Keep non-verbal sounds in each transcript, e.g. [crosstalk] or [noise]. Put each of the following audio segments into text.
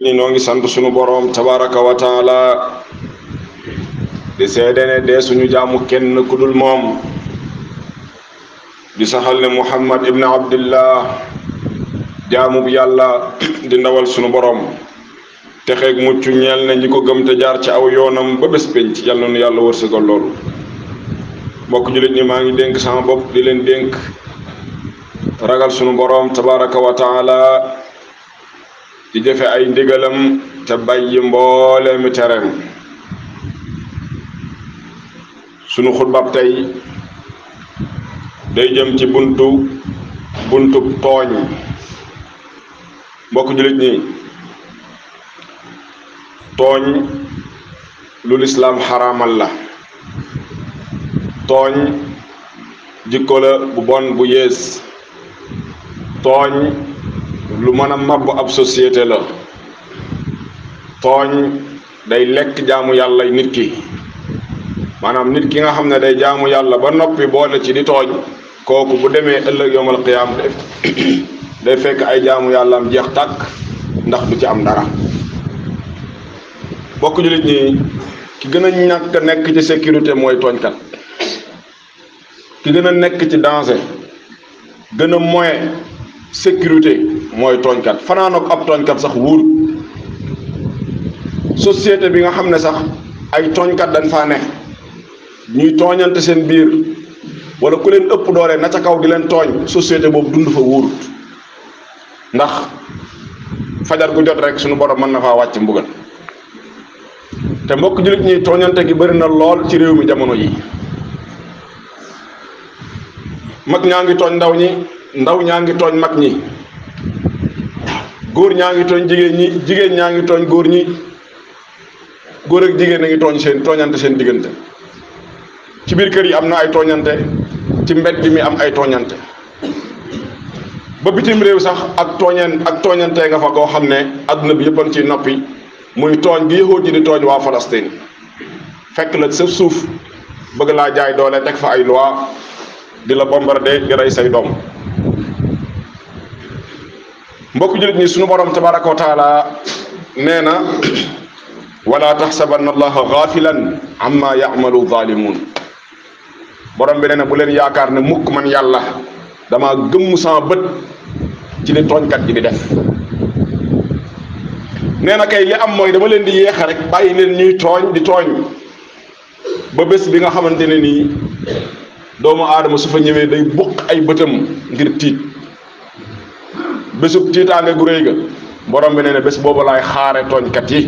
ni noo ngi sant sunu boroom tabaraka wa taala di seede ne dee suñu jaamu kenn ku dul moom di saxal ne muhammad ibn abdillah jaamu bu yàlla di ndawal sunu boroom texeeg mucc ñeel ne ñi ko gëm te jaar ci aw yoonam ba bés pénc yàlla nu yàlla wërsëgal loolu mbokk jullit ñi maa ngi dénk sama bopp di leen dénk ragal sunu boroom tabaraka wa taala di jëfe ay ndigalam te bàyyi mboole mi tereem sunu xutbab tey day jëm ci buntu buntu tooñ mbokk julit ni tooñ lu lislaam xaraamal la tooñ jikko la bu bon bu lu mën a màbb ab société la tooñ day lekk jaamu yàlla nit ki maanaam nit ki nga xam ne day jaamu yàlla ba noppi boole ci di tooñ kooku bu demee ëllëg yomal xiyaam def [coughs] day fekk ay jaamu yàllaam jeex tàkk ndax du ci am dara bokk jullit ñi ki gën a ñàkk nekk ci sécurité mooy tooñkat ki gën a nekk ci danger gën a moyen sécurité mooy tooñkat fanaanook ak ab tooñkat sax wuur société bi nga xam ne sax ay tooñkat dañ faa ne ñuy tooñante seen biir wala ku leen ëpp doole na ca kaw di leen tooñ société boobu dund fa wuur ndax fajar gu jot rek suñu borom mën na fa wàcc mbugal te mbokk jullit ñi tooñante gi bëri na lool ci réew mi jamono yi mag ñaa ngi tooñ ndaw ñi ndaw ñaa ngi tooñ mag ñi góor ñaa ngi tooñ jigéen ñi jigéen ñaa ngi tooñ góor ñi góor ak jigéen a ngi tooñ seen tooñante seen diggante ci biir kër yi am na ay tooñante ci mbedd mi am ay tooñante ba bitim réew sax ak tooñeen ak nga fa koo xam ne adduna bi yëppan ci noppi muy tooñ gi yahud ji di tooñ waa Palestine fekk la sa suuf bëgg laa jaay doole teg fa ay loi di la bombarder di rey say doom mbokk jullit nii suñu borom tabaraka wa taala nee na wala taxsabanna allaha gaafilan amma yamalu zaalimuun borom bi nee na bu leen yaakaar ne mukk man yàlla dama gëmm sama bët ci li tooñkat ji di def nee na kay li am mooy dama leen di yéexa rek bàyyi leen ñuy tooñ di tooñ ba bés bi nga xamante ne nii doomu aadama su fa ñëwee day buq ay bëtam ngir tiit bésub tiitaange gu reey ga borom bi nee bés bobu lay xaare togn kat yi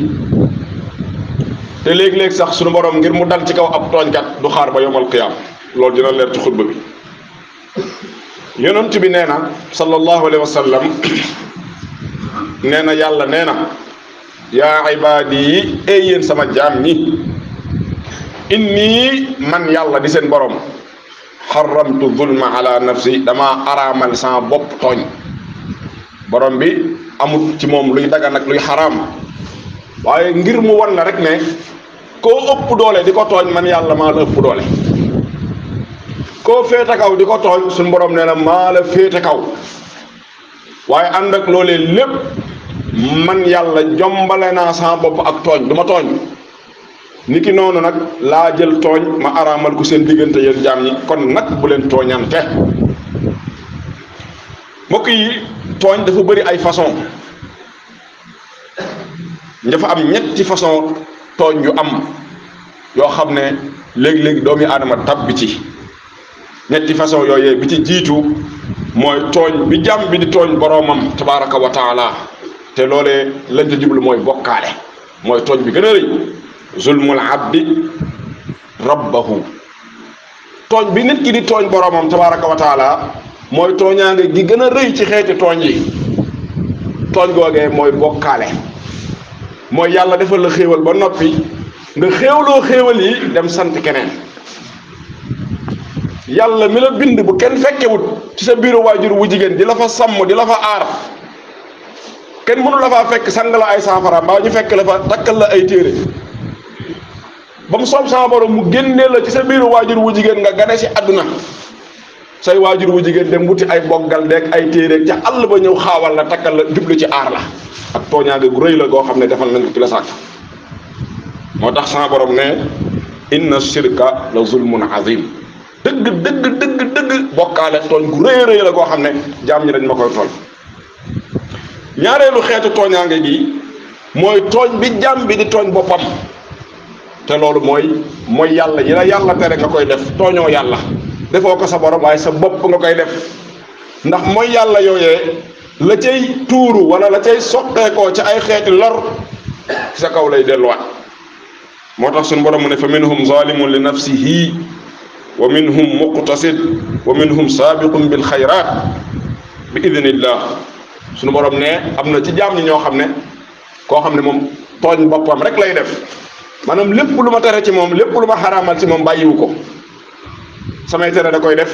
te lég lég sax sunu borom ngir mu dal ci kaw ab togn kat du xaar ba yomal qiyam lool dina leer ci khutba bi yonent bi nee sallallahu alayhi wasallam sallam yàlla nee ya ibadi ay yéen sama jam ñi inni man yàlla di sen borom haramtu zulma ala nafsi dama aramal sama bop togn borom bi amut ci moom luy dagan ak luy xaraam waaye ngir mu wan la rek ne koo ëpp doole di ko tooñ man yàlla maa la ëpp doole koo féete kaw di ko tooñ suñu borom nee na maa la féete kaw waaye ànd ak loolee lépp man yàlla jombale naa sama bopp ak tooñ du ma tooñ niki noonu nag laa jël tooñ ma araamal ko seen diggante yéen jaam ñi kon nag bu leen tooñante mbokk yi tooñ dafa bëri ay façon dafa am ñetti façon tooñ yu am yoo xam ne léegi-léegi doomu aadama tàbbi ci ñetti façon yooyee bi ci jiitu mooy tooñ bi jàmm bi di tooñ boroomam tabaraka wa te loolee lañ ca jublu mooy bokkaale mooy tooñ bi gën a rëy zulmul abdi rabbahu tooñ bi nit ki di tooñ boroomam tabaraka wa taala mooy tooñaange gi gëna reuy ci xéti toñ yi toñ gogé moy bokalé moy yalla defal la xéewal ba nopi nga xéewlo xéewal yi dem sant kenen yalla mi la bind bu kenn wut ci sa biiru wajur wu jigen di la fa sam di la fa ar kenn mënu la fa fekk sang la ay safara ba ñu fekk la fa takal la ay téré bam som sa borom mu génnee la ci sa biiru wajur wu jigen nga gané ci aduna say waajur bu jigéen de wuti ay boggal deeg ay téereeg ca àll ba ñëw xaawal la takkal la jublu ci aar la ak tooñaange gu rëy la goo xam ne defal nañ ko ci la sàkk moo tax sama borom ne inna shirka la zulmun azim dëgg dëgg dëgg dëgg bokkaale tooñ gu rëy rëy la goo xam ne jaam ñi dañ ma koy tooñ ñaareelu xeetu tooñaange gi mooy tooñ bi jaam bi di tooñ boppam te loolu mooy mooy yàlla yi la yàlla tere nga koy def tooñoo yàlla defoko sa borom way sa bop nga koy def ndax moy yàlla yoyé la cey touru wala la cey soppé ko ci ay xeeti lor sa kaw lay delu wat motax sun borom ne faminhum zalimun li nafsihi wa minhum muqtasid wa minhum sabiqun bil khairat bi idhnillah suñu borom ne amna ci jamm ñoo xamne ko xamne mom togn bopam rek lay def manam lépp luma tere ci mom lépp luma haramal ci mom bayiwuko samay tere da koy def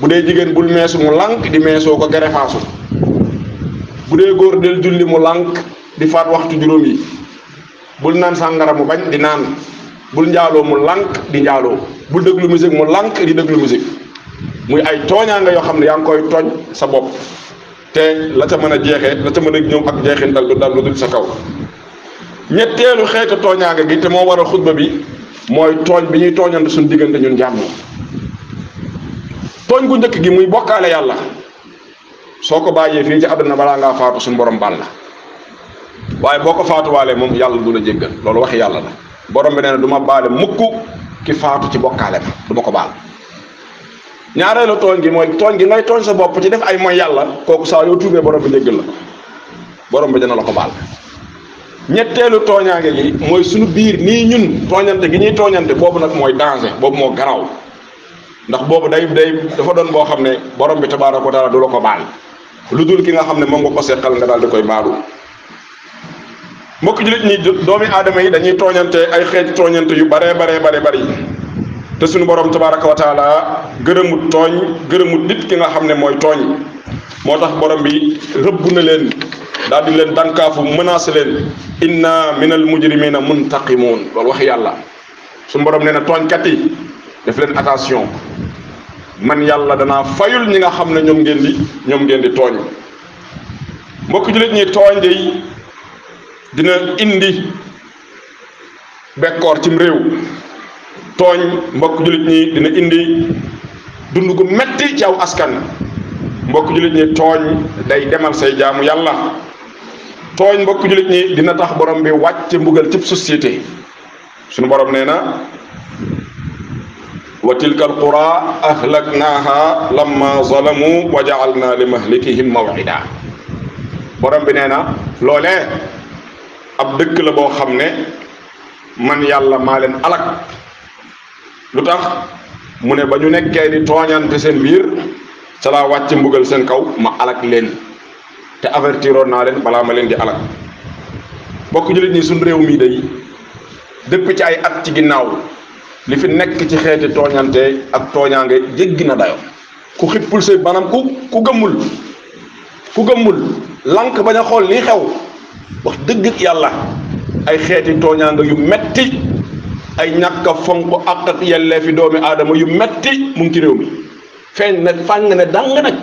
bu dee jigéen bul meesu mu lànk di meesoo ko gerefaasu bu dee góor del julli mu lànk di faat waxtu juróom yi bul naan sàngara mu bañ di naan bul njaaloo mu lànk di njaaloo bul déglu musique mu lànk di déglu musique muy ay tooñaa nga yoo xam ne yaa ngi koy tooñ sa bopp te la ca mën a jeexee la ca mën a ñëw ak jeexin dal du dal du sa kaw ñetteelu xeetu tooñaanga nga gi te moo war a xutba bi moy togn bi ñuy tooñante sun digënde ñun jamm togn gu njëkk gi muy bokkaale yalla soko baye fi ci aduna bala nga faatu sun borom balla waye boko faatu walé mom yalla du la jéggal loolu wax yalla la borom bi neena na balé mukk ki faatu ci bokkaale ba du ma bal baal lo togn gi moy togn gi ngay togn sa bop ci def ay moy yalla koku sa yoo tuubé borom bi jéggal la borom bi dina la ko bal ñetteelu tooñaange gi mooy suñu biir nii ñun tooñante gi ñuy tooñante boobu nag mooy danger boobu moo garaw ndax boobu day day dafa doon boo xam ne borom bi tabaaraka wa taala du la ko baal lu dul ki nga xam ne moom nga ko seqal nga koy baalu mbokk jullit ñi doomi aadama yi dañuy tooñante ay xeeti tooñante yu baree baree bare bëri te suñu borom tabaaraka wa taala gërëmut tooñ gërëmut nit ki nga xam ne mooy tooñ moo tax borom bi rëbb na leen daal di leen dànkaafu menacé leen indi inna minal mujrimina muntaqimun loolu wax yàlla su borom nee na tooñ yi def leen attention man yàlla danaa fayul ñi nga xam ne ñoom ngeen di ñoom ngeen di tooñ mbokk jullit ñi tooñ de dina indi bekkoor cim réew tooñ mbokk jullit ñi dina indi dund gu metti ci aw askan mbokk jullit ñi tooñ day demal say jaamu yàlla tooñ mbokk jullit ñi dina tax borom bi wàcce mbugal cib société suñu borom nee na wa tilka alqura ahlaknaaha lamma zalamu wa na li mahlikihim mawida borom bi nee na loole ab dëkk la boo xam ne man yàlla maa leen alak lu tax mu ne ba ñu nekkee di tooñante seen biir ca laa wàcc mbugal seen kaw ma alak leen te avertiroon naa leen balaa ma leen di alak bokk jullit ñi suñ réew mii day dëpp ci ay at ci ginnaaw li fi nekk ci xeeti tooñante ak tooñaange jéggi na dayo ku xippul say banam ku ku gëmmul ku gëmmul lànk bañ xool lii xew wax dëgg ak yàlla ay xeeti tooñaange yu metti ay ñàkk a fonk àq ak yelleefi doomi aadama yu metti mu ngi réew mi feeñ na fàng na dàng nag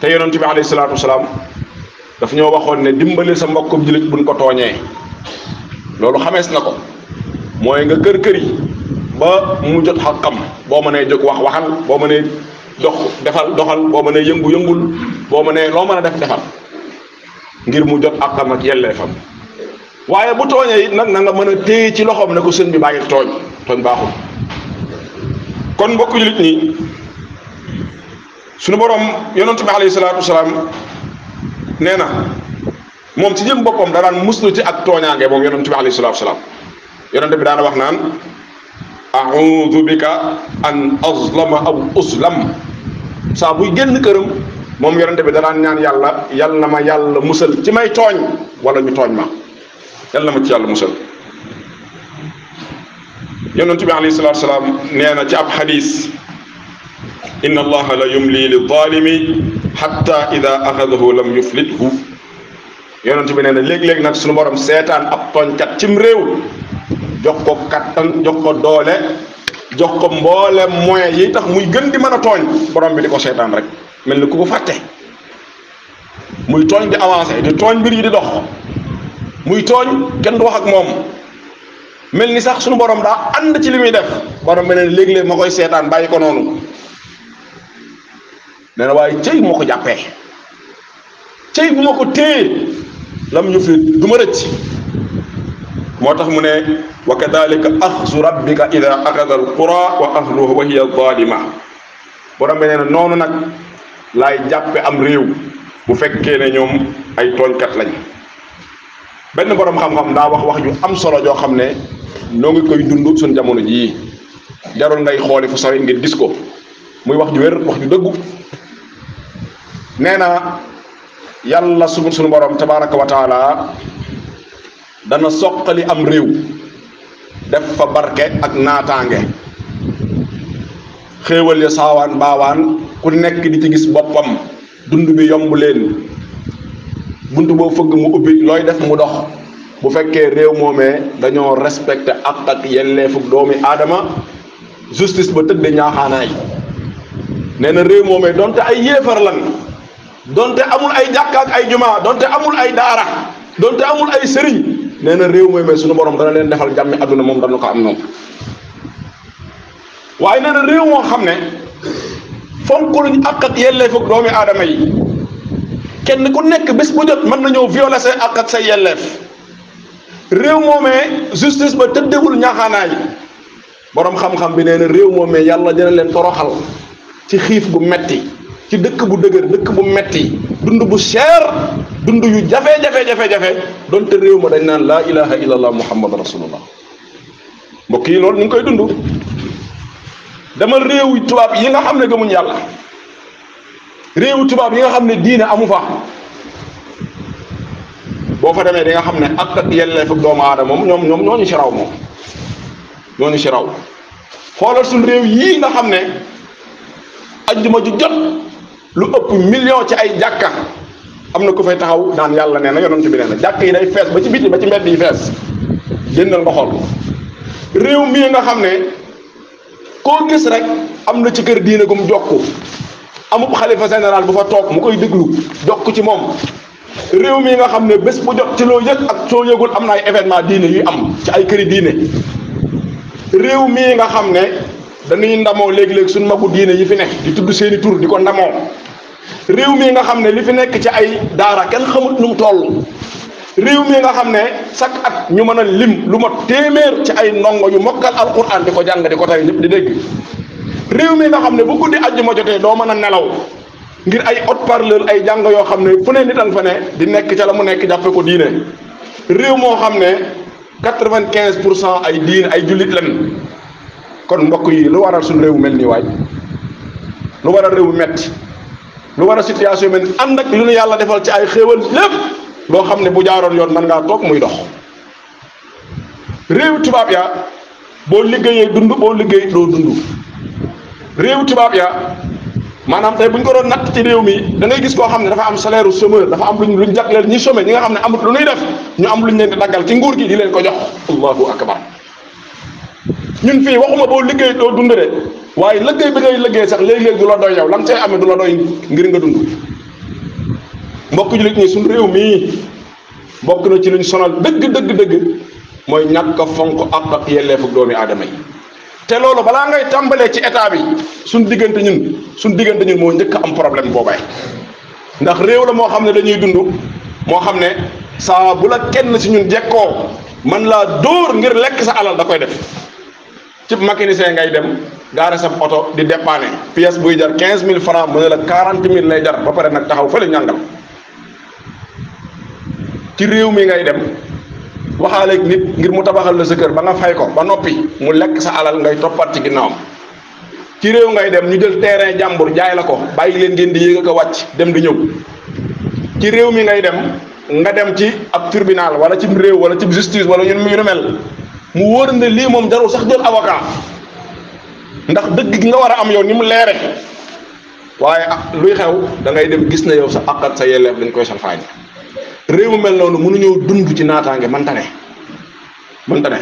te yonent bi alayhi salaatu wasalaam daf ñoo waxoon ne dimbali sa mbokkum jullit buñ ko tooñee loolu xamees na ko mooy nga kër kër yi ba mu jot xaqam boo mënee jóg wax waxal boo mënee dox defal doxal boo mënee yëngu yëngul boo mënee loo mën a def defal ngir mu jot àqam ak yelleefam waaye bu tooñee it nag na nga mën a téye ci loxoom ne ko sëñ bi bàyyi tooñ tooñ baaxul kon mbokk julit ni sunu borom yonnatu bi alayhi salatu wasalaam neena mom ci jëm boppam da nan muslu ci ak tooñaange mom yonnatu bi alayhi salatu wasalaam yonnatu bi na wax nan a'udhu bika an azlama aw uzlam sa buy genn kërëm mom yonnatu bi nan ñaan yalla yalla na ma yalla musal ci may toñ wala ñu toñ ma yalla na ma ci yalla musal يونتي بي عليه الصلاه والسلام نانا تي اب حديث ان الله لا يملي للظالم حتى اذا اخذه لم يفلته يونتي بي نانا ليك ليك نك سونو بوروم سيطان اب طون كات تيم ريو جوخ كو كاتان جوخ كو دوله جوخ كو مبوله موين يي تخ موي گن دي مانا طون بوروم بي ديكو سيطان رك ملني كوكو فاتي موي طون دي اواسي دي طون بير يي دي دوخ موي طون كين دو واخ موم mel ni sax suñu boroom daa ànd ci li muy def borom bi ne léeg ma koy seetaan bàyyi ko noonu nee na waaye cëy moo ko jàppee cëy bu ma ko téye lam ñu du ma rëcc moo tax mu ne wa kadalika axzu rabbika ida axada alqura wa ahluha wa hiya zalima borom bi nee na noonu nag laay jàppe am réew bu fekkee ne ñoom ay tooñkat lañ benn borom xam-xam daa wax wax ju am solo joo xam ne noo ngi koy dund sun jamono ji jarul ngay xoli fu sawi ngir gis ko muy wax ju wer wax ju dëggu neena yalla yàlla sunu sunu borom tabaraka wa taala dana soqali am rew def fa barke ak natange xewal ya sawan bawan ku nek di ci gis bopam dund bi yomb buntu bunt boo fëgg mu ubbi loy def mu dox bu fekkee réew moomee dañoo respecté ak ak yelleefu doomi aadama justice ba tëdd ñaaxaanaay nee na réew moomee donte ay yéefar lan donte amul ay jàkka ay jumaa donte amul ay daara donte amul ay sëriñ nee na réew moomee suñu borom dana leen defal jàmmi àdduna moom dana ko am noonu waaye nee na réew moo xam ne fonkuluñ ak ak yelleefu doomi aadama yi kenn ku nekk bés bu jot mën nañoo violer say ak ak say yelleef. réew moomee justice ba tëddewul ñaxaanaay boroom xam-xam bi nee na réew moomee yàlla dina leen toroxal ci xiif gu metti ci dëkk bu dëgër dëkk bu metti dund bu cher dund yu jafe-jafe jafe-jafe donte réew ma dañ naan la ilaha illallah muhammad rasulullah mbokk yi loolu ñu ngi koy dund dama réew tubaab yi nga xam ne gëmuñ yàlla réewu tubaab yi nga xam ne diine amu fa boo fa demee di nga xam ne ak ak yelleefu doomu aadama moom ñoom ñoom ñooñu ci raw moom ñooñu ci raw xoolal suñ réew yii nga xam ne ajjuma ju jot lu ëpp million ci ay jàkka am na ku fay taxaw naan yàlla nee na ci bi nee na jàkk yi day fees ba ci biti ba ci mbedd yi fees jëndal nga xool réew mii nga xam ne koo gis rek am na ci kër diine gum jokk amub xalifa général bu fa toog mu koy déglu jokk ci moom réew mii nga xam ne bés bu jot ci loo yëg ak soo yëgul am na ay événement diine yuy am ci ay këri diine réew mii nga xam ne dañuy ndamoo léeg léegi suñu magu diine yi fi nekk di tudd seeni tur di ko ndamoo réew mii nga xam ne li fi nekk ci ay daara kenn xamut nu mu réew mii nga xam ne chaque at ñu mën a lim lu ma téeméer ci ay ndongo yu mokkal alquran di ko jàng di ko tey ñëpp di dégg réew mii nga xam ne bu guddi ma jotee doo mën a nelaw ngir ay ot parleur ay jàng yoo xam ne fu ne nit a fa ne di nekk ca la mu nekk jàppe ko diine réew moo xam ne quatre-vingt-quinze pour cent ay diine ay jullit lan kon mbokk yi lu waral suñu réew mel nii waay lu waral réew metti lu waral situation mel ànd ak lu nu yàlla defal ci ay xéewal lépp loo xam ne bu jaaroon yoon mën ngaa toog muy dox réewu tubaab ya boo liggéeyee dund boo liggéey doo dund réewu tubaab ya maanaam tey bu ñu ko doon natt ci réew mi dangay gis koo xam ne dafa am salaire u chômeur dafa am luñ luñ jagleel ñi chômé ñi nga xam ne amut lu ñuy def ñu am luñ leen di daggal ci nguur gi di leen ko jox allahu akbar ñun fii waxuma boo liggéey doo dund de waaye liggéey bi ngay liggéey sax léeg-léeg du la doy lan cay amee du la ngir nga dund mbokk jullit ñi suñ réew mii bokk na ci luñ sonal dëgg dëgg dëgg mooy ñàkk a fonk ak ak yelleefu doomi aadama yi té lolu bala ngay tambalé ci état bi suñ digënté ñun suñ digënté ñun mo ñëk am problème boobay ndax réew la mo xamné dañuy dund mo xamné sa bu la kenn ci ñun jekkoo man la door ngir lek sa alal da koy def ci mécanicien ngay dem gara sa auto di dépanné pièce bu jar 15000 francs mo la 40000 lay jar ba paré nak taxaw la ñangal ci réew mi ngay dem waxaaleeg nit ngir mu tabaxal la sa kër ba nga fay ko ba noppi mu lekk sa alal ngay toppat ci ginnaawam ci réew ngay dem ñu jël terrain jàmbur jaay la ko bàyyi leen ngeen di yéeg a wàcc dem di ñëw ci réew mi ngay dem nga dem ci ab tribunal wala ci réew wala ci justice wala ñun ñu mel mu wóor ne lii moom jarul sax jël avocat ndax dëgg gi nga war a am yow ni mu leere waaye ah luy xew da ngay dem gis na yow sa àq ak sa yelleef dañ koy salfaañe réew mel noonu mënuñoo dund ci naataange manta ne manta ne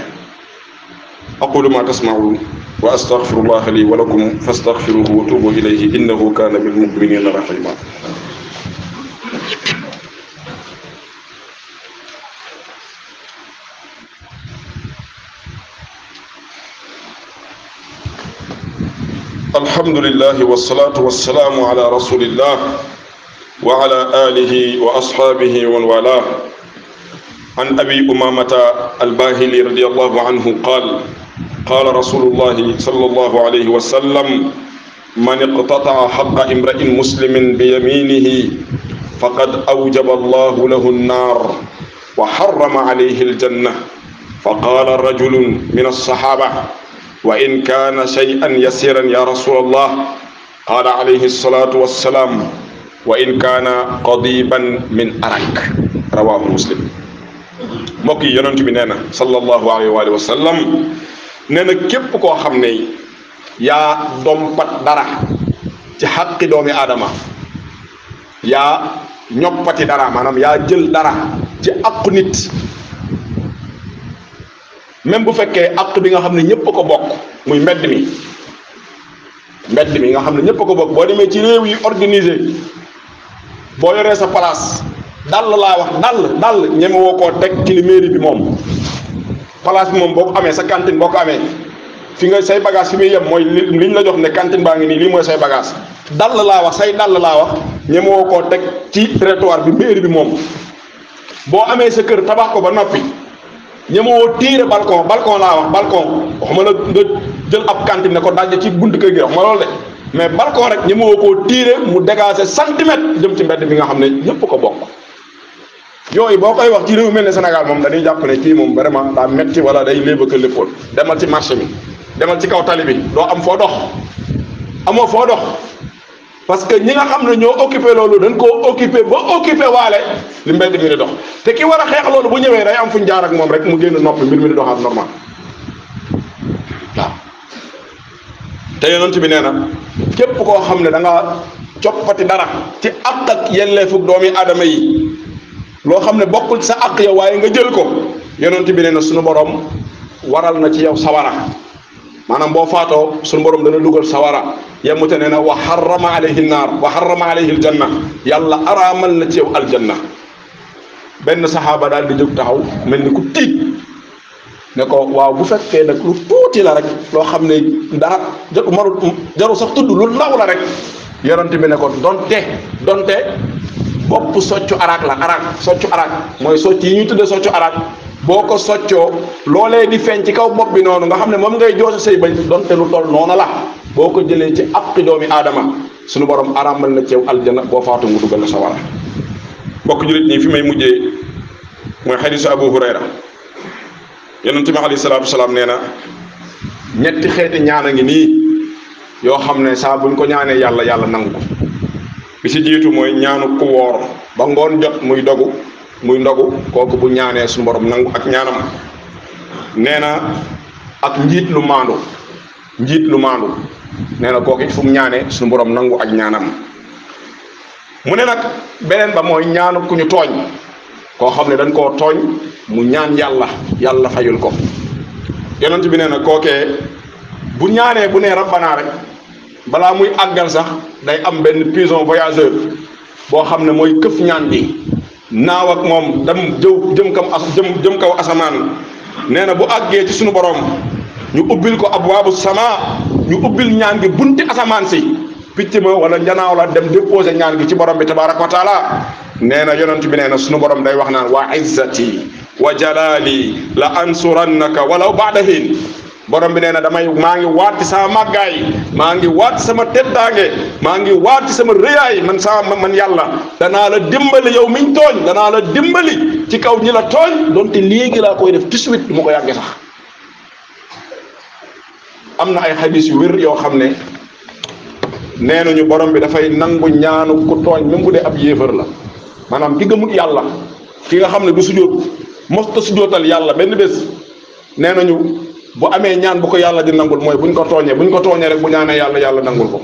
aqulu ma tasmaun wa astaghfirullah li wa lakum fastaghfiruhu wa tubu ilayhi innahu kana bil mu'minina rahima الحمد لله والصلاة والسلام على رسول الله وعلى آله وأصحابه والوالاه عن أبي أمامة الباهلي رضي الله عنه قال قال رسول الله صلى الله عليه وسلم من اقتطع حق امرئ مسلم بيمينه فقد أوجب الله له النار وحرم عليه الجنة فقال رجل من الصحابة وإن كان شيئا يسيرا يا رسول الله قال عليه الصلاة والسلام wa in kaana qadiban min arak rawahu muslim mbokk yi yonent mi nee na sallallahu alayhi wa sallam képp koo xam ne yaa dompat dara ci xaqi doomi aadama yaa ñoppati dara maanaam yaa jël dara ci aqu nit même bu fekkee aqu bi nga xam ne ñépp ko bokk muy mbedd mi mbedd mi nga xam ne ñépp ko bokk boo demee ci réew yi organisé bo yoré sa place dal la wax dal dal ñeme woko tek ci li mairie bi mom place mom boko amé sa cantine boko amé fi nga say bagage fi yëm moy liñ la jox ne cantine baa ngi nii lii say bagage dal la wax say dal la wax ñeme woko tek ci territoire bi mairie bi mom bo amé sa kër tabax ko ba noppi wo tiire balcon balcon la wax balcon waxuma la jël ab cantine ne ko dajje ci buntu kër gi wax ma loolu mais bal ko rek ñu ma woo koo tiire mu dégager centimètre jëm ci mbedd bi nga xam ne ñëpp ko bokk yooyu boo koy wax ci réew mel ne Sénégal moom dañuy jàpp ne kii moom vraiment daa metti wala day léeba ka léppoon demal ci marché bi demal ci kaw tali bi doo am foo dox amoo foo dox parce que ñi nga xam ne ñoo occupé loolu dañ koo occupé ba occupé waale li mbedd mi di dox te ki war a xeex loolu bu ñëwee day am fuñ jaar ak moom rek mu génn nopp mbir mi di te yenoon yonent bi nee na képp koo xam ne da nga coppati dara ci àq ak yelleefug doomi aadama yi loo xam ne bokkul sa àq yow waaye nga jël ko yonent bi nee na sunu borom waral na ci yow sawara maanaam boo faatoo sunu borom dana dugal sawara yemute nee na wa harrama alayhi naar wa harrama alayhi aljanna yàlla araamal na ci yow aljanna benn saxaaba daal di jóg taxaw mel ni ku tiit ne ko waaw bu fekkee nag lu tuuti la rek loo xam ne dara maru jaru sax tudd lu ndaw la rek yonent bi ne ko donte donte bopp soccu araak la araak soccu araak mooy socc yi ñuy tudde soccu araak boo ko soccoo loolee di feeñ ci kaw bopp bi noonu nga xam ne moom ngay joosa say bañ donte lu toll noona la boo ko jëlee ci àqi doomi aadama suñu borom araamal na ceew aljana boo faatu mu dugal la sawara mbokk jullit ñi fi may mujjee mooy xadisu Abu yonent bi alayhi salaatu salaam nee na ñetti xeeti ñaan a ngi nii yoo xam ne saa buñ ko ñaanee yàlla yàlla nangu ko bi si jiitu mooy ñaanu ku woor ba ngoon jot muy dogu muy ndogu kooku bu ñaanee su borom nangu ak ñaanam nee na ak njiit lu maandu njiit lu maandu nee na kooku ñaanee suñu borom nangu ak ñaanam mu ne nag beneen ba mooy ñaanu ku ñu tooñ koo xam ne dañ koo tooñ mu ñaan yàlla yàlla fajul ko yonent bi nee na kookee bu ñaanee bu nee rabbanaa rek balaa muy àggal sax day am benn pigeon voyageur boo xam ne mooy këf ñaan bi naaw ak moom dam jëw jëm kam as jëm jëm kaw asamaan nee na bu àggee ci suñu borom ñu ubbil ko abwaabu sama ñu ubbil ñaan gi bunti asamaan si picc ma wala njanaaw la dem déposer ñaan gi ci borom bi tabaaraka wa nee na yonent bi nee na sunu borom day wax naan wa izzati wa jalaali la ansurannaka walaw baada hiin borom bi nee na damay maa ngi waati sama màggaay maa ngi waati sama teddaange maa ngi waati sama rëyaay man sama man yàlla danaa la dimbali yow miñ tooñ danaa la dimbali ci kaw ñi la tooñ donte léegi laa koy def tout de suite du ma ko yàggee sax am na ay xadis yu wér yoo xam ne nee nañu borom bi dafay nangu ñaanu ku tooñ même bu dee ab yéefar la maanaam ki gëmut yàlla ki nga xam ne du sujjóot mosta sujjóotal yàlla benn bés nee nañu bu amee ñaan bu ko yàlla di nangul mooy bu buñ ko tooñee bu ñu ko tooñee rek bu ñaanee yàlla yàlla nangul ko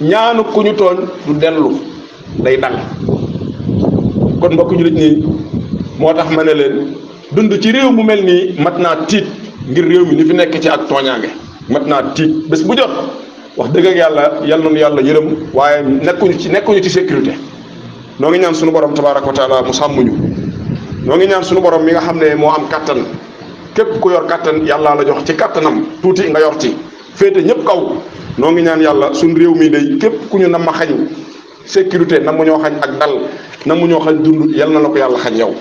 ñaanu ku ñu tooñ dellu day dal kon mbokk jullit nii moo tax ma ne leen dund ci réew mu mel nii mat naa tiit ngir réew mi ni fi nekk ci ak tooñaange mat naa tiit bés bu jot wax dëgg ak yàlla yal nañu yàlla yërëm waaye nekkuñu ci nekkuñu ci sécurité noo ngi ñaan suñu borom tabaraka wa taala mu sàmmuñu noo ngi ñaan suñu borom mi nga xam ne moo am kàttan képp ku yor kàttan yàllaa la jox ci kàttanam tuuti nga yor ci féete ñëpp kaw noo ngi ñaan yàlla suñu réew mi day képp ku ñu nam xañ sécurité nam mu ñoo xañ ak dal nam mu ñoo xañ dund yal na la ko yàlla xañ yow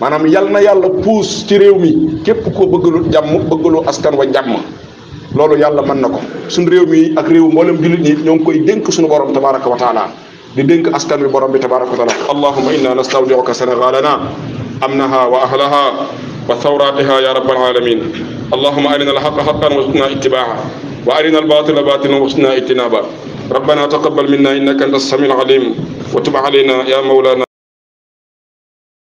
maanaam yal na yàlla puus ci réew mi képp koo bëggalu jàmm bëggalu askan wa jàmm loolu yàlla mën na ko sunu réew mi ak réew mboolem jullit ñi ñoo ngi koy dénk suñu borom tabaraka wa taala di dénk askan wi borom bi tabaraka wa taala allahuma inna nastawdiuka sénégalana amnaha wa ahlaha wa thawratiha ya rabbal alamin allahuma arina alhaqa haqan warzuqna ittibaaha wa arina albatila batilan warzuqna ijtinaba ربنا تقبل منا انك انت السميع العليم وتب علينا يا مولانا